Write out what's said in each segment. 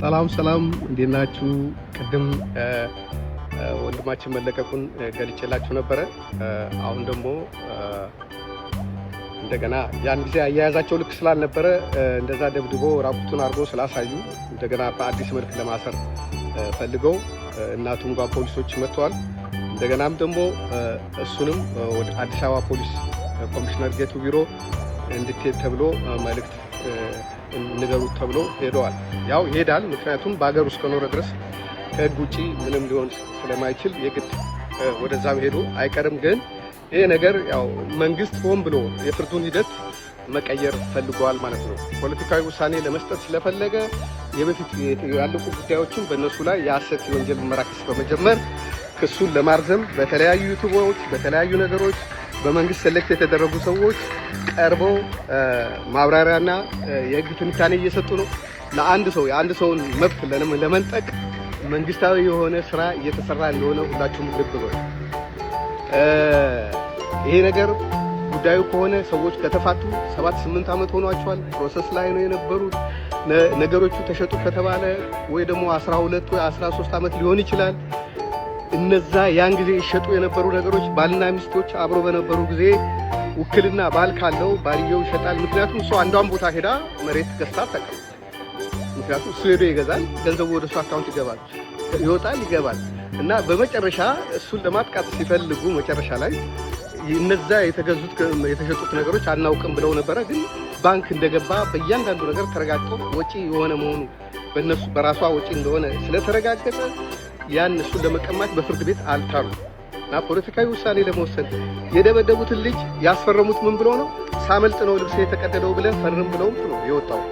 ሰላም ሰላም፣ እንዴት ናችሁ? ቅድም ወንድማችን መለቀቁን ገልጬላችሁ ነበረ። አሁን ደግሞ እንደገና ያን ጊዜ አያያዛቸው ልክ ስላልነበረ እንደዛ ደብድቦ ራቁቱን አድርጎ ስላሳዩ እንደገና በአዲስ መልክ ለማሰር ፈልገው እናቱም ጋር ፖሊሶች መጥተዋል። እንደገናም ደግሞ እሱንም ወደ አዲስ አበባ ፖሊስ ኮሚሽነር ጌቱ ቢሮ እንድትሄድ ተብሎ መልእክት ንገሩት ተብሎ ሄደዋል። ያው ይሄዳል። ምክንያቱም በሀገር ውስጥ ከኖረ ድረስ ከህግ ውጭ ምንም ሊሆን ስለማይችል የግድ ወደዛም ሄዶ አይቀርም። ግን ይሄ ነገር ያው መንግስት ሆን ብሎ የፍርዱን ሂደት መቀየር ፈልገዋል ማለት ነው። ፖለቲካዊ ውሳኔ ለመስጠት ስለፈለገ የበፊት ያለቁ ጉዳዮችን በእነሱ ላይ የሐሰት የወንጀል ምርመራ ክስ በመጀመር ክሱን ለማርዘም በተለያዩ ዩቱቦች በተለያዩ ነገሮች በመንግስት ሴሌክት የተደረጉ ሰዎች ቀርበው ማብራሪያና የህግ ትንታኔ እየሰጡ ነው። ለአንድ ሰው የአንድ ሰውን መብት ለመንጠቅ መንግስታዊ የሆነ ስራ እየተሰራ እንደሆነ ሁላችሁም ልብ በሉ። ይሄ ነገር ጉዳዩ ከሆነ ሰዎች ከተፋቱ ሰባት ስምንት ዓመት ሆኗቸዋል። ፕሮሰስ ላይ ነው የነበሩት። ነገሮቹ ተሸጡ ከተባለ ወይ ደግሞ 12 ወይ 13 ዓመት ሊሆን ይችላል። እነዛ ያን ጊዜ ይሸጡ የነበሩ ነገሮች ባልና ሚስቶች አብሮ በነበሩ ጊዜ ውክልና ባል ካለው ባልየው ይሸጣል። ምክንያቱም እሷ አንዷን ቦታ ሄዳ መሬት ገዝታ ተቀምጣ፣ ምክንያቱም እሱ ሄዶ ይገዛል፣ ገንዘቡ ወደ እሱ አካውንት ይገባል፣ ይወጣል፣ ይገባል እና በመጨረሻ እሱን ለማጥቃት ሲፈልጉ መጨረሻ ላይ እነዛ የተገዙት የተሸጡት ነገሮች አናውቅም ብለው ነበረ። ግን ባንክ እንደገባ በእያንዳንዱ ነገር ተረጋግጦ ወጪ የሆነ መሆኑ በእነሱ በራሷ ወጪ እንደሆነ ስለተረጋገጠ ያን እሱን ለመቀማት በፍርድ ቤት አልታሉ። እና ፖለቲካዊ ውሳኔ ለመወሰን የደበደቡትን ልጅ ያስፈረሙት ምን ብሎ ነው? ሳመልጥ ነው ልብስ የተቀደደው ብለን ፈርም ብለውም ነው የወጣው።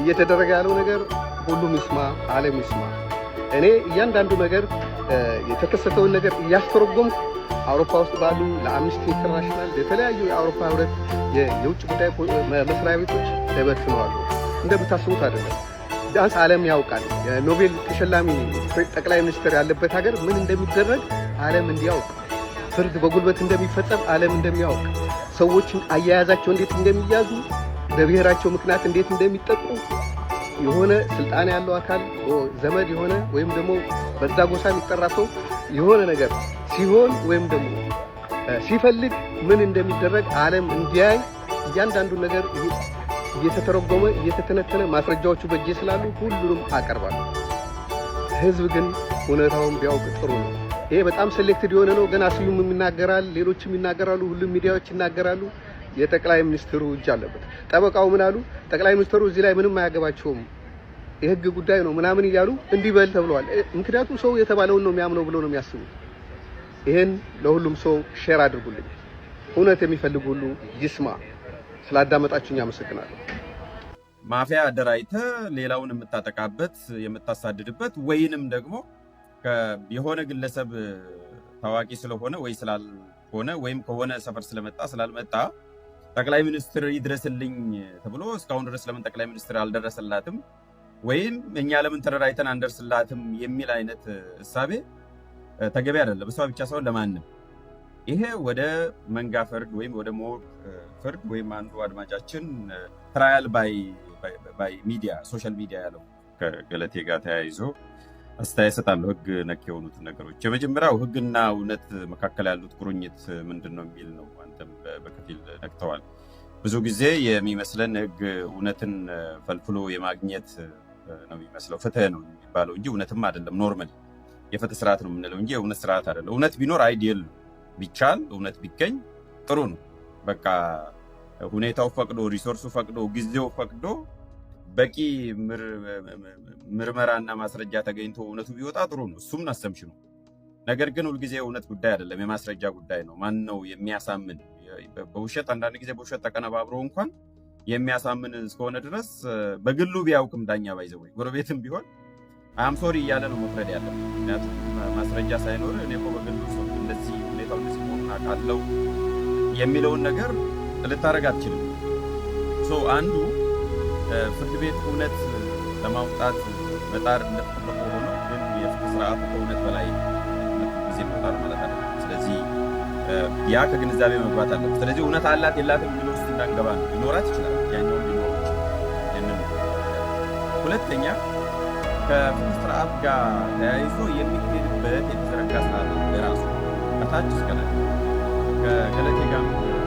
እየተደረገ ያለው ነገር ሁሉም ይስማ፣ ዓለም ይስማ። እኔ እያንዳንዱ ነገር የተከሰተውን ነገር እያስተረጎም አውሮፓ ውስጥ ባሉ ለአምነስቲ ኢንተርናሽናል የተለያዩ የአውሮፓ ህብረት የውጭ ጉዳይ መስሪያ ቤቶች ተበትነዋሉ። እንደምታስቡት አይደለም። ዳንስ ዓለም ያውቃል። ኖቤል ተሸላሚ ጠቅላይ ሚኒስትር ያለበት ሀገር ምን እንደሚደረግ ዓለም እንዲያውቅ፣ ፍርድ በጉልበት እንደሚፈጸም ዓለም እንደሚያውቅ፣ ሰዎችን አያያዛቸው እንዴት እንደሚያዙ፣ በብሔራቸው ምክንያት እንዴት እንደሚጠቁ የሆነ ስልጣን ያለው አካል ዘመድ የሆነ ወይም ደግሞ በዛ ጎሳ የሚጠራ ሰው የሆነ ነገር ሲሆን ወይም ደግሞ ሲፈልግ ምን እንደሚደረግ ዓለም እንዲያይ እያንዳንዱ ነገር እየተተረጎመ እየተተነተነ ማስረጃዎቹ በእጄ ስላሉ ሁሉንም አቀርባለሁ። ህዝብ ግን እውነታውን ቢያውቅ ጥሩ ነው። ይሄ በጣም ሴሌክትድ የሆነ ነው። ገና ስዩም ይናገራል፣ ሌሎችም ይናገራሉ፣ ሁሉም ሚዲያዎች ይናገራሉ። የጠቅላይ ሚኒስትሩ እጅ አለበት። ጠበቃው ምን አሉ? ጠቅላይ ሚኒስትሩ እዚህ ላይ ምንም አያገባቸውም የህግ ጉዳይ ነው ምናምን እያሉ እንዲበል ተብለዋል። ምክንያቱም ሰው የተባለውን ነው የሚያምነው ብሎ ነው የሚያስቡት። ይህን ለሁሉም ሰው ሼር አድርጉልኝ። እውነት የሚፈልጉ ሁሉ ይስማ። ስላዳመጣችሁኝ አመሰግናለሁ። ማፊያ አደራጅተ ሌላውን የምታጠቃበት የምታሳድድበት ወይንም ደግሞ የሆነ ግለሰብ ታዋቂ ስለሆነ ወይ ስላልሆነ ወይም ከሆነ ሰፈር ስለመጣ ስላልመጣ ጠቅላይ ሚኒስትር ይድረስልኝ ተብሎ እስካሁን ድረስ ለምን ጠቅላይ ሚኒስትር አልደረሰላትም ወይም እኛ ለምን ተደራጅተን አንደርስላትም የሚል አይነት እሳቤ ተገቢ አይደለም። እሷ ብቻ ሳይሆን ለማንም ይሄ ወደ መንጋ ፍርድ ወይም ወደ ሞር ፍርድ ወይም አንዱ አድማጫችን ትራያል ባይ ሚዲያ ሶሻል ሚዲያ ያለው ከገለቴ ጋር ተያይዞ አስተያየት ሰጣለሁ። ህግ ነክ የሆኑትን ነገሮች የመጀመሪያው ህግና እውነት መካከል ያሉት ቁርኝት ምንድን ነው የሚል ነው። አንተም በከፊል ነክተዋል። ብዙ ጊዜ የሚመስለን ህግ እውነትን ፈልፍሎ የማግኘት ነው የሚመስለው። ፍትህ ነው የሚባለው እንጂ እውነትም አይደለም። ኖርመል የፍትህ ስርዓት ነው የምንለው እንጂ የእውነት ስርዓት አይደለም። እውነት ቢኖር አይዲየል ነው ቢቻል እውነት ቢገኝ ጥሩ ነው። በቃ ሁኔታው ፈቅዶ ሪሶርሱ ፈቅዶ ጊዜው ፈቅዶ በቂ ምርመራና ማስረጃ ተገኝቶ እውነቱ ቢወጣ ጥሩ ነው። እሱም አሰምሽ ነው። ነገር ግን ሁልጊዜ እውነት ጉዳይ አይደለም፣ የማስረጃ ጉዳይ ነው። ማን ነው የሚያሳምን? በውሸት አንዳንድ ጊዜ በውሸት ተቀነባብሮ እንኳን የሚያሳምን እስከሆነ ድረስ በግሉ ቢያውቅም ዳኛ ባይዘው ወይ ጎረቤትም ቢሆን አምሶሪ እያለ ነው መፍረድ ያለ። ምክንያቱም ማስረጃ ሳይኖር እኔ በግሉ እንደዚህ አውቃለሁ የሚለውን ነገር ልታደረግ አትችልም። አንዱ ፍርድ ቤት እውነት ለማውጣት መጣር እንደተፈለገ ሆኖ ግን የፍትህ ስርዓቱ ከእውነት በላይ ጊዜ መጣር ማለት አለ። ስለዚህ ያ ከግንዛቤ መግባት አለ። ስለዚህ እውነት አላት የላትም ብሎ ውስጥ እንዳንገባ ነው። ሊኖራት ይችላል፣ ያኛው ሊኖር ይችላል። ሁለተኛ ከፍትህ ስርዓት ጋር ተያይዞ የሚሄድበት የተዘረጋ ስርዓት በራሱ ከታች እስከላይ ከገለቴ ጋር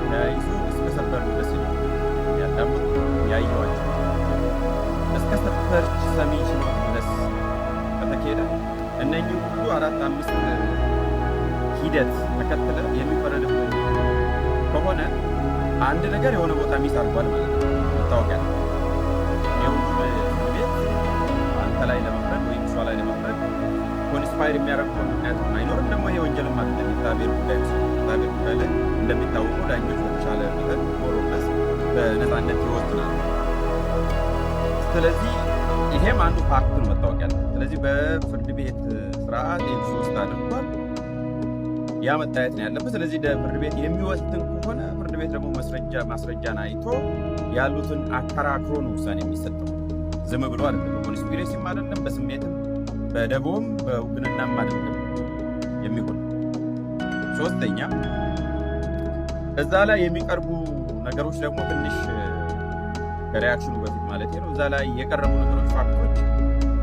ተያይዞ እስከሰበር ድረስ ያዳሙት ያየዋቸው እስከ ሰበርች ሰሚ ችሎት ድረስ ከተካሄደ እነኚህ ሁሉ አራት አምስት ሂደት ተከትለ የሚፈረድበት ከሆነ አንድ ነገር የሆነ ቦታ ሚስ አድርጓል ማለት ነው። ይታወቂያል የሁሉ ቤት አንተ ላይ ለመፍረድ ወይም እሷ ላይ ለመፍረድ ኮንስፓይር የሚያደርጉ ምክንያቱም አይኖርም። ደግሞ ይሄ ወንጀል ማለት እግዚአብሔር ጉዳይ እግዚአብሔር ጉዳይ ላይ እንደሚታወቁ ዳኞች በተቻለ መጠን ሞሮፕለስ በነፃነት ይወስናሉ። ስለዚህ ይሄም አንዱ ፓርቱን መታወቅ ያለ ስለዚህ በፍርድ ቤት ስርዓት ይህ ውስጥ አድርጓል። ያ መታየት ነው ያለበት። ስለዚህ ፍርድ ቤት የሚወስን ከሆነ ፍርድ ቤት ደግሞ ማስረጃ ማስረጃን አይቶ ያሉትን አከራክሮ ነው ውሳኔ የሚሰጠው። ዝም ብሎ አይደለም። በኮንስፒሬሲም አይደለም በስሜትም በደቦም በውግንና አይደለም የሚሆን። ሶስተኛ እዛ ላይ የሚቀርቡ ነገሮች ደግሞ ትንሽ ከሪያክሽኑ በፊት ማለት ነው። እዛ ላይ የቀረቡ ነገሮች ፋክቶች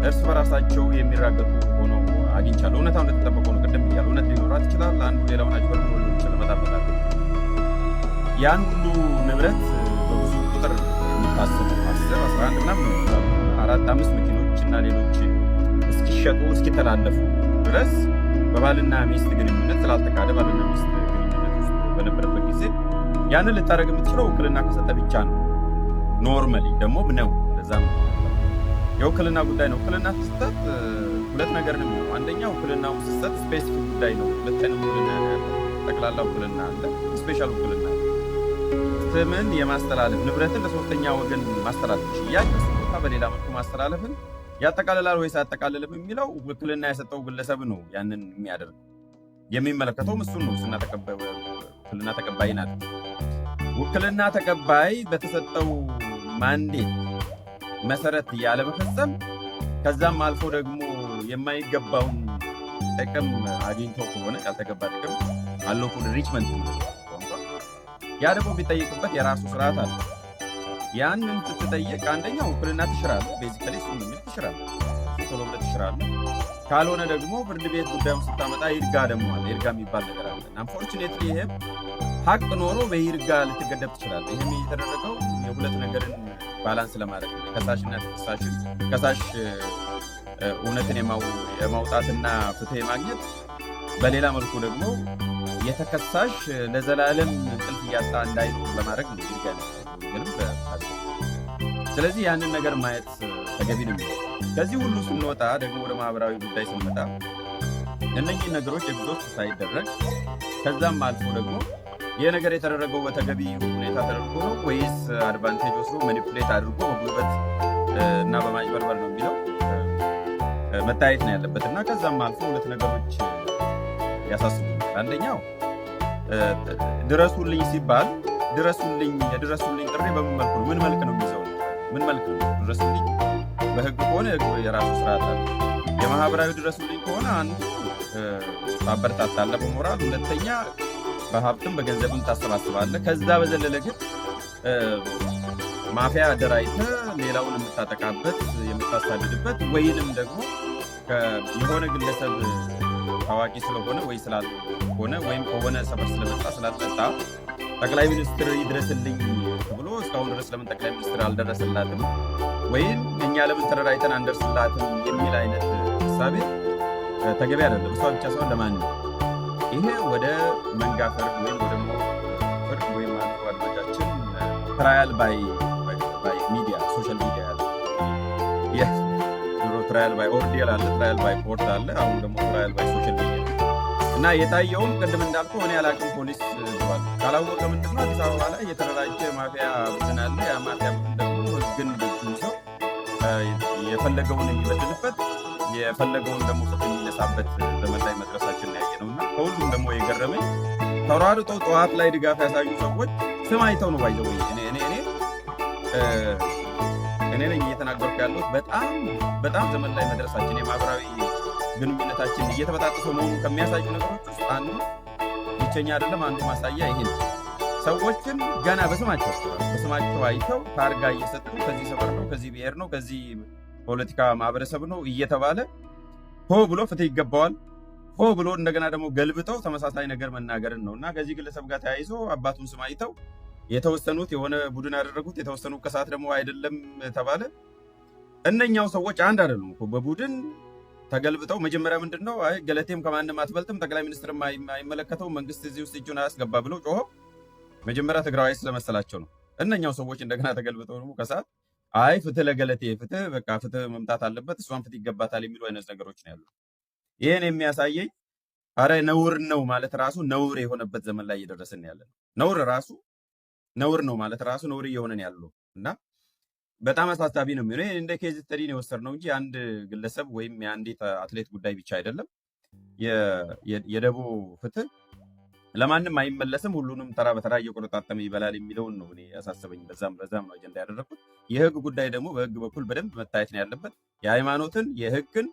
እርስ በራሳቸው የሚራገጡ ሆኖ አግኝቻለሁ። እውነታው እንደተጠበቀው ነው። ቅድም እያለ እውነት ሊኖራት ይችላል። ለአንዱ ሌላውን አጅበር ሆ ይችል መጣበታል። ያን ሁሉ ንብረት በብዙ ቁጥር የሚታሰቡ አስር አስራ አንድ ምናምን አራት አምስት መኪኖች እና ሌሎች እስኪሸጡ እስኪተላለፉ ድረስ በባልና ሚስት ግንኙነት ስላልተካደ ባልና ሚስት ግንኙነት በነበረበት ጊዜ ያንን ልታደረግ የምትችለው ውክልና ከሰጠ ብቻ ነው። ኖርመሊ ደግሞ ነው። ለዛም የውክልና ጉዳይ ነው። ውክልና ስሰጥ ሁለት ነገር ነው የሚሆነው። አንደኛ ውክልና ስሰጥ ስፔሲፊክ ጉዳይ ነው። ሁለተኛ ውክልና ጠቅላላ ውክልና አለ፣ ስፔሻል ውክልና ስምን የማስተላለፍ ንብረትን ለሶስተኛ ወገን ማስተላለፍ፣ ሽያጭ፣ በሌላ መልኩ ማስተላለፍን ያጠቃልላል ወይስ አያጠቃልልም የሚለው ውክልና የሰጠው ግለሰብ ነው ያንን የሚያደርግ የሚመለከተውም እሱን ነው። ውክልና ተቀባይ ናት። ውክልና ተቀባይ በተሰጠው ማንዴት መሰረት ያለመፈጸም ከዛም አልፎ ደግሞ የማይገባውን ጥቅም አግኝቶ ከሆነ ያልተገባ ጥቅም አለው ሪችመንት ያ ደግሞ ቢጠይቅበት የራሱ ስርዓት አለ። ያንን ስትጠየቅ አንደኛው ውክልና ትሽራለ። ቤዚካሊ እሱ የሚል ትሽራለ፣ ቶሎ ብለህ ትሽራለ። ካልሆነ ደግሞ ፍርድ ቤት ጉዳዩን ስታመጣ ይርጋ ደግሞ አለ። ይርጋ የሚባል ነገር አለ። አንፎርቹኔትሊ ይሄ ሀቅ ኖሮ በይርጋ ልትገደብ ትችላለ። ይህም የተደረገው የሁለት ነገርን ባላንስ ለማድረግ ከሳሽና ተከሳሽ ከሳሽ እውነትን የማውጣትና ፍትህ የማግኘት በሌላ መልኩ ደግሞ የተከሳሽ ለዘላለም እንቅልፍ እያጣ እንዳይ ለማድረግ ነው ይርጋ ስለዚህ ያንን ነገር ማየት ተገቢ ነው። ከዚህ ሁሉ ስንወጣ ደግሞ ወደ ማህበራዊ ጉዳይ ስንመጣ እነዚህ ነገሮች ኤግዞስት ሳይደረግ ከዛም አልፎ ደግሞ ይህ ነገር የተደረገው በተገቢ ሁኔታ ተደርጎ ነው ወይስ አድቫንቴጅ ወስዶ መኒፕሌት አድርጎ በጉልበት እና በማጭበርበር ነው የሚለው መታየት ነው ያለበት እና ከዛም አልፎ ሁለት ነገሮች ያሳስቡኛል። አንደኛው ድረሱልኝ ሲባል ድረሱልኝ የድረሱልኝ ጥሪ በምን መልኩ ምን መልክ ነው ምን መልክ ነው? ድረሱልኝ በህግ ከሆነ የራሱ ስርዓት አለ። የማህበራዊ ድረሱልኝ ከሆነ አንዱ ታበረታታለህ በሞራል ሁለተኛ በሀብትም በገንዘብም ታሰባስባለ። ከዛ በዘለለ ግን ማፊያ አደራጅተህ ሌላውን የምታጠቃበት የምታሳድድበት ወይንም ደግሞ የሆነ ግለሰብ ታዋቂ ስለሆነ ወይ ስላልሆነ ወይም ከሆነ ሰፈር ስለመጣ ስላልመጣ ጠቅላይ ሚኒስትር ይድረስልኝ እስካሁን ድረስ ለምን ጠቅላይ ሚኒስትር አልደረሰላትም ወይም እኛ ለምን ተደራጅተን አንደርስላትም የሚል አይነት እሳቤ ተገቢ አይደለም። እሷ ብቻ ሳይሆን ለማንም ይሄ ወደ መንጋ ፈርድ ወይም ወደ ፍርድ ወይም አንዱ አድማጫችን ትራያል ባይ ሚዲያ ሶሻል ሚዲያ ያለ ድሮ ትራያል ባይ ኦርዲል አለ፣ ትራያል ባይ ፖርት አለ፣ አሁን ደግሞ ትራያል ባይ ሶሻል ሚዲያ እና የታየውም ቅድም እንዳልኩ እኔ ያላቅም ፖሊስ ብሏል። ካላወቀ ምንድነው አዲስ አበባ ላይ የተደራጀ ማፊያ ቡድን አለ። ያ ማፊያ ቡድን ደግሞ ህግን በእጁ ሰው የፈለገውን የሚበድልበት የፈለገውን ደግሞ ሰት የሚነሳበት ዘመን ላይ መድረሳችን ያየ ነው እና ከሁሉም ደግሞ የገረመኝ ተሯርጦ ጠዋት ላይ ድጋፍ ያሳዩ ሰዎች ስም አይተው ነው ባይዘው እኔ ነኝ እየተናገርኩ ያለሁት በጣም በጣም ዘመን ላይ መድረሳችን የማህበራዊ ግንኙነታችን እየተበጣጠሰ መሆኑን ከሚያሳዩ ነገሮች ውስጥ አንዱ ብቸኛ አይደለም። አንዱ ማሳያ ይሄ ነው። ሰዎችን ገና በስማቸው በስማቸው አይተው ታርጋ እየሰጡ ከዚህ ሰፈር ነው፣ ከዚህ ብሔር ነው፣ ከዚህ ፖለቲካ ማህበረሰብ ነው እየተባለ ሆ ብሎ ፍትህ ይገባዋል ሆ ብሎ እንደገና ደግሞ ገልብጠው ተመሳሳይ ነገር መናገርን ነው እና ከዚህ ግለሰብ ጋር ተያይዞ አባቱን ስም አይተው የተወሰኑት የሆነ ቡድን ያደረጉት የተወሰኑ ከሰዓት ደግሞ አይደለም ተባለ። እነኛው ሰዎች አንድ አይደሉም። በቡድን ተገልብጠው መጀመሪያ ምንድን ነው አይ ገለቴም ከማንም አትበልጥም፣ ጠቅላይ ሚኒስትር አይመለከተው፣ መንግስት እዚህ ውስጥ እጁን አያስገባ ብለው ጮሆ መጀመሪያ ትግራዋይ ስለመሰላቸው ነው። እነኛው ሰዎች እንደገና ተገልብጠው ደግሞ ከሰዓት አይ ፍትህ ለገለቴ ፍትህ በቃ ፍትህ መምጣት አለበት፣ እሷን ፍትህ ይገባታል የሚሉ አይነት ነገሮች ነው ያሉ። ይህን የሚያሳየኝ አረ ነውር ነው ማለት ራሱ ነውር የሆነበት ዘመን ላይ እየደረስን ያለ ነው። ነውር ራሱ ነውር ነው ማለት ራሱ ነውር እየሆነን ያለው እና በጣም አሳሳቢ ነው የሚሆነው። እንደ ኬዝ ስተዲ ነው የወሰድነው እንጂ አንድ ግለሰብ ወይም የአንዲት አትሌት ጉዳይ ብቻ አይደለም። የደቦ ፍትህ ለማንም አይመለስም፣ ሁሉንም ተራ በተራ እየቆረጣጠመ ይበላል የሚለውን ነው እኔ ያሳሰበኝ። በዛም በዛም ነው አጀንዳ ያደረግኩት። የህግ ጉዳይ ደግሞ በህግ በኩል በደንብ መታየት ነው ያለበት። የሃይማኖትን፣ የህግን፣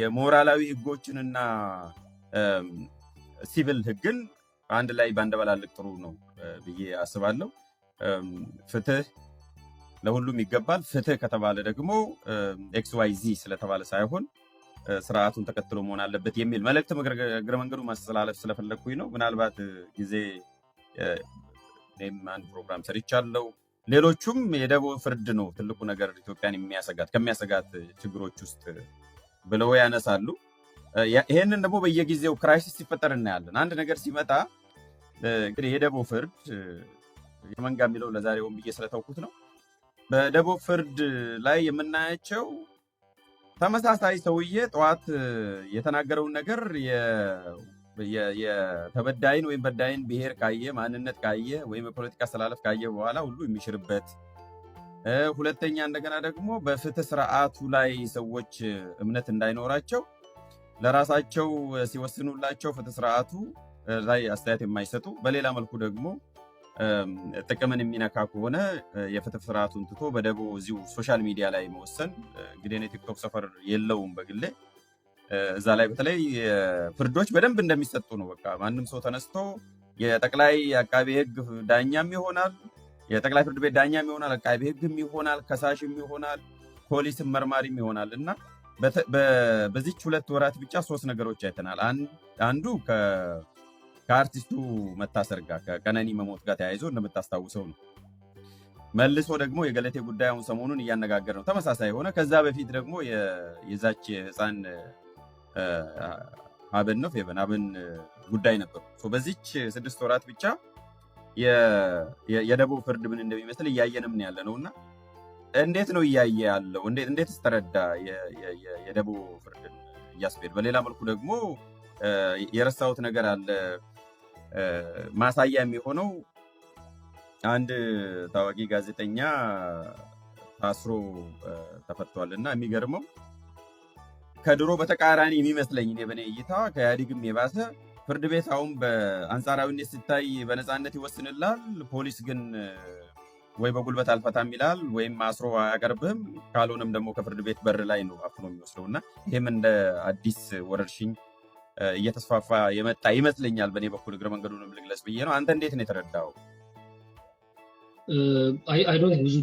የሞራላዊ ህጎችንና ሲቪል ህግን አንድ ላይ ባንደበላልቅ ጥሩ ነው ብዬ አስባለሁ። ፍትህ ለሁሉም ይገባል። ፍትህ ከተባለ ደግሞ ኤክስ ዋይ ዚ ስለተባለ ሳይሆን ስርዓቱን ተከትሎ መሆን አለበት የሚል መልእክት እግረ መንገዱ ማስተላለፍ ስለፈለግኩኝ ነው። ምናልባት ጊዜ አንድ ፕሮግራም ሰርቻለሁ። ሌሎቹም የደቦ ፍርድ ነው ትልቁ ነገር ኢትዮጵያን የሚያሰጋት ከሚያሰጋት ችግሮች ውስጥ ብለው ያነሳሉ። ይህንን ደግሞ በየጊዜው ክራይሲስ ሲፈጠር እናያለን። አንድ ነገር ሲመጣ እንግዲህ የደቦ ፍርድ የመንጋ የሚለው ለዛሬ ብዬ ስለተውኩት ነው። በደቡብ ፍርድ ላይ የምናያቸው ተመሳሳይ ሰውዬ ጠዋት የተናገረውን ነገር የተበዳይን ወይም በዳይን ብሔር ካየ ማንነት ካየ ወይም የፖለቲካ አስተላለፍ ካየ በኋላ ሁሉ የሚሽርበት ሁለተኛ እንደገና ደግሞ በፍትህ ስርዓቱ ላይ ሰዎች እምነት እንዳይኖራቸው ለራሳቸው ሲወስኑላቸው ፍትህ ስርዓቱ ላይ አስተያየት የማይሰጡ በሌላ መልኩ ደግሞ ጥቅምን የሚነካ ከሆነ የፍትህ ስርዓቱን ትቶ በደቦ እዚሁ ሶሻል ሚዲያ ላይ መወሰን እንግዲህ እኔ ቲክቶክ ሰፈር የለውም በግሌ እዛ ላይ በተለይ ፍርዶች በደንብ እንደሚሰጡ ነው። በቃ ማንም ሰው ተነስቶ የጠቅላይ አቃቤ ህግ ዳኛም ይሆናል፣ የጠቅላይ ፍርድ ቤት ዳኛም ይሆናል፣ አቃቤ ህግም ይሆናል፣ ከሳሽም ይሆናል፣ ፖሊስም መርማሪም ይሆናል እና በዚች ሁለት ወራት ብቻ ሶስት ነገሮች አይተናል። አንዱ ከአርቲስቱ መታሰር ጋር ከቀነኒ መሞት ጋር ተያይዞ እንደምታስታውሰው ነው። መልሶ ደግሞ የገለቴ ጉዳዩን ሰሞኑን እያነጋገር ነው። ተመሳሳይ የሆነ ከዛ በፊት ደግሞ የዛች ህፃን አብን ነው ፌቨን አብን ጉዳይ ነበሩ። በዚች ስድስት ወራት ብቻ የደቦ ፍርድ ምን እንደሚመስል እያየንም ያለ ነው እና እንዴት ነው እያየ ያለው? እንዴት ስተረዳ የደቦ ፍርድን እያስፔድ በሌላ መልኩ ደግሞ የረሳሁት ነገር አለ ማሳያ የሚሆነው አንድ ታዋቂ ጋዜጠኛ ታስሮ ተፈቷል እና የሚገርመው ከድሮ በተቃራኒ የሚመስለኝ በኔ እይታ ከኢህአዴግም የባሰ ፍርድ ቤት አሁን በአንጻራዊነት ሲታይ በነፃነት ይወስንላል። ፖሊስ ግን ወይ በጉልበት አልፈታም ይላል ወይም አስሮ አያቀርብህም። ካልሆነም ደግሞ ከፍርድ ቤት በር ላይ ነው አፍኖ የሚወስደው እና ይህም እንደ አዲስ ወረርሽኝ እየተስፋፋ የመጣ ይመስለኛል። በእኔ በኩል እግረ መንገዱንም ልግለጽ ብዬ ነው። አንተ እንዴት ነው የተረዳው? አይ ዶንት ብዙ